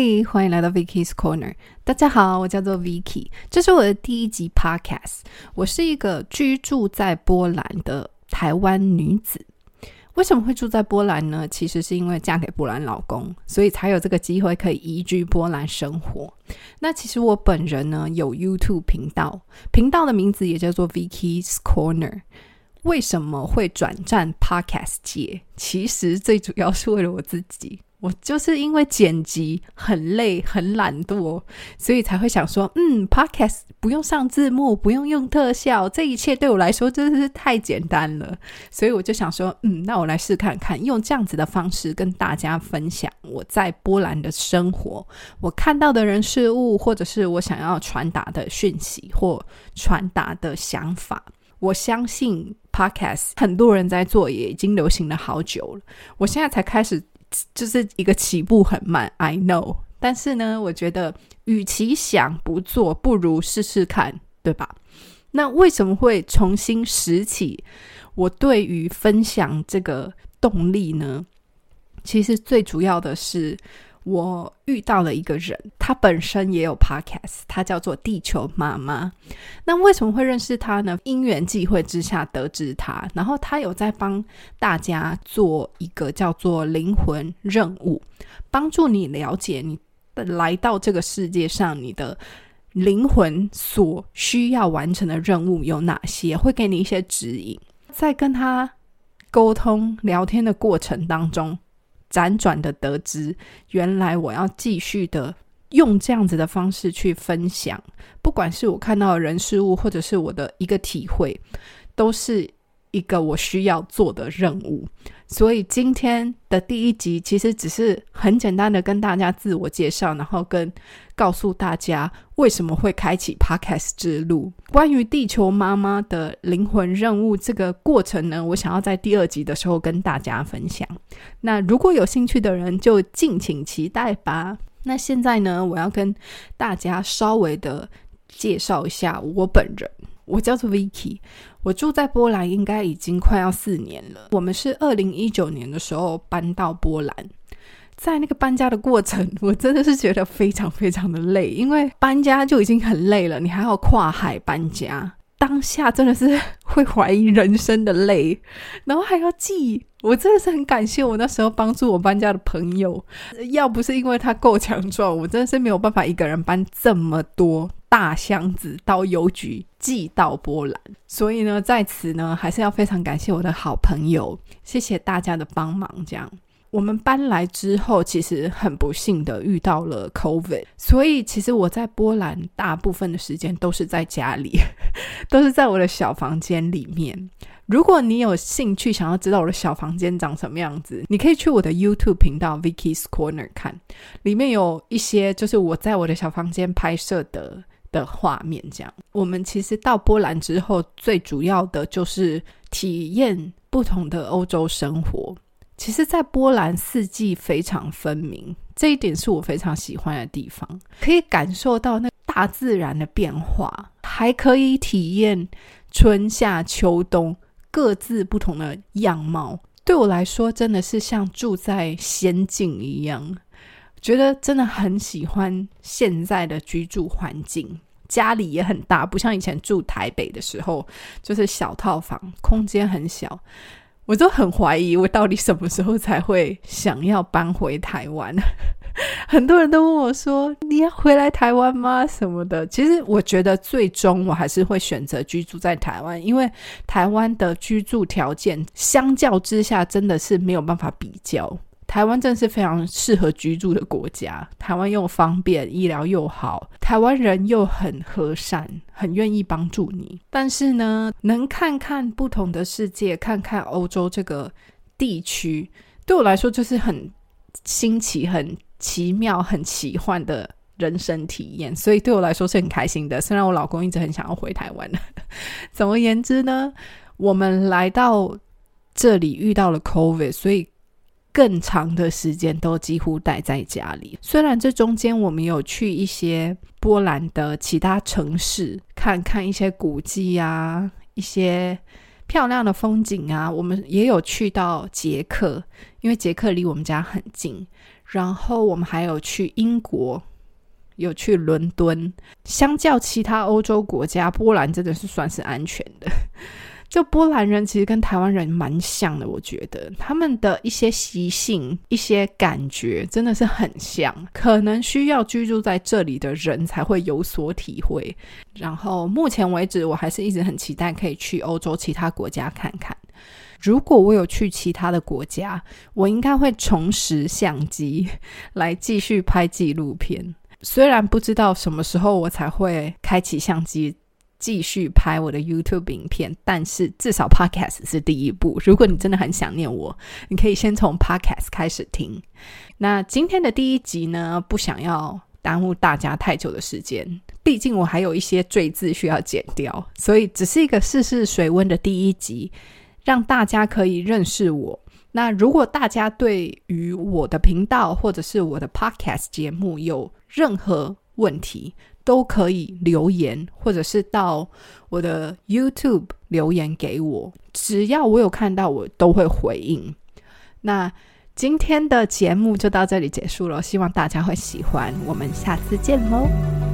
Hey, 歡迎來到 Vicky's Corner。大家好，我叫做 Vicky，這是我的第一集 Podcast。我是一個居住在波蘭的台灣女子。為什麼會住在波蘭呢？其實是因為嫁給波蘭老公，所以才有這個機會可以移居波蘭生活。那其實我本人呢，有 YouTube 頻道，頻道的名字也叫做 Vicky's Corner。為什麼會轉戰 Podcast 界？其實最主要是為了我自己。我就是因為剪輯很累、很懶惰，所以才會想說，嗯，Podcast 不用上字幕，不用用特效，這一切對我來說真的是太簡單了。所以我就想說，嗯，那我來試看看，用這樣子的方式跟大家分享我在波蘭的生活，我看到的人事物，或者是我想要傳達的訊息或傳達的想法。我相信 Podcast 很多人在做，也已經流行了好久了。我現在才開始。就是一個起步，很慢，I know，但是呢，我覺得，與其想不做，不如試試看，對吧？那為什麼會重新拾起，我對於分享這個動力呢？其實最主要的是。我遇到了一個人，他本身也有 podcast，他叫做地球媽媽。那為什麼會認識他呢？因緣際會之下得知他，然後他有在幫大家做一個叫做靈魂任務，幫助你了解你的來到這個世界上，你的靈魂所需要完成的任務有哪些，會給你一些指引。在跟他溝通聊天的過程當中。輾轉的得知，原來我要繼續的用這樣子的方式去分享，不管是我看到的人事物，或者是我的一個體會，都是一個我需要做的任務，所以今天的第一集其實只是很簡單的跟大家自我介紹，然後跟告訴大家為什麼會開啟 Podcast 之路。關於地球媽媽的靈魂任務這個過程呢，我想要在第二集的時候跟大家分享。那如果有興趣的人就敬請期待吧。那現在呢，我要跟大家稍微的。介紹一下我本人，我叫做 Vicky，我住在波蘭，應該已經快要四年了。我們是二零一九年的時候搬到波蘭，在那個搬家的過程，我真的是覺得非常非常的累，因為搬家就已經很累了，你還要跨海搬家，當下真的是會懷疑人生的累，然後還要寄，我真的是很感謝我那時候幫助我搬家的朋友，要不是因為他夠強壯，我真的是沒有辦法一個人搬這麼多。大箱子到郵局寄到波蘭，所以呢，在此呢，還是要非常感謝我的好朋友，謝謝大家的幫忙。這樣，我們搬來之後，其實很不幸的遇到了 COVID，所以其實我在波蘭大部分的時間都是在家裡，都是在我的小房間裡面。如果你有興趣想要知道我的小房間長什麼樣子，你可以去我的 YouTube 頻道 Vicky's Corner 看，裡面有一些就是我在我的小房間拍攝的。的畫面，這樣，我們其實到波蘭之後，最主要的就是體驗不同的歐洲生活。其實，在波蘭四季非常分明，這一點是我非常喜歡的地方，可以感受到那大自然的變化，還可以體驗春夏秋冬各自不同的樣貌。對我來說，真的是像住在仙境一樣。覺得真的很喜歡現在的居住環境，家裡也很大，不像以前住台北的時候，就是小套房，空間很小。我就很懷疑，我到底什麼時候才會想要搬回台灣？ 很多人都問我說：“你要回來台灣嗎？”什麼的。其實我覺得，最終我還是會選擇居住在台灣，因為台灣的居住條件相較之下，真的是沒有辦法比較。台灣真是非常適合居住的國家，台灣又方便，醫療又好，台灣人又很和善，很願意幫助你。但是呢，能看看不同的世界，看看歐洲這個地區，對我來說就是很新奇、很奇妙、很奇幻的人生體驗。所以對我來說是很開心的。雖然我老公一直很想要回台灣。 總而言之呢，我們來到這裡遇到了 COVID，所以。更長的時間都幾乎待在家裡。雖然這中間我們有去一些波蘭的其他城市，看看一些古蹟啊，一些漂亮的風景啊，我們也有去到捷克，因為捷克離我們家很近。然後我們還有去英國，有去倫敦。相較其他歐洲國家，波蘭真的是算是安全的。就波蘭人其實跟台灣人蠻像的，我覺得他們的一些習性、一些感覺真的是很像。可能需要居住在這裡的人才會有所體會。然後目前為止，我還是一直很期待可以去歐洲其他國家看看。如果我有去其他的國家，我應該會重拾相機來繼續拍紀錄片。雖然不知道什麼時候我才會開啟相機。繼續拍我的 YouTube 影片，但是至少 Podcast 是第一步。如果你真的很想念我，你可以先從 Podcast 開始聽。那今天的第一集呢，不想要耽誤大家太久的時間，畢竟我還有一些贅字需要剪掉，所以只是一個試試水溫的第一集，讓大家可以認識我。那如果大家對於我的頻道或者是我的 Podcast 節目有任何問題，都可以留言，或者是到我的 YouTube 留言給我，只要我有看到，我都會回應。那今天的節目就到這裡結束了，希望大家會喜歡，我們下次見嘍。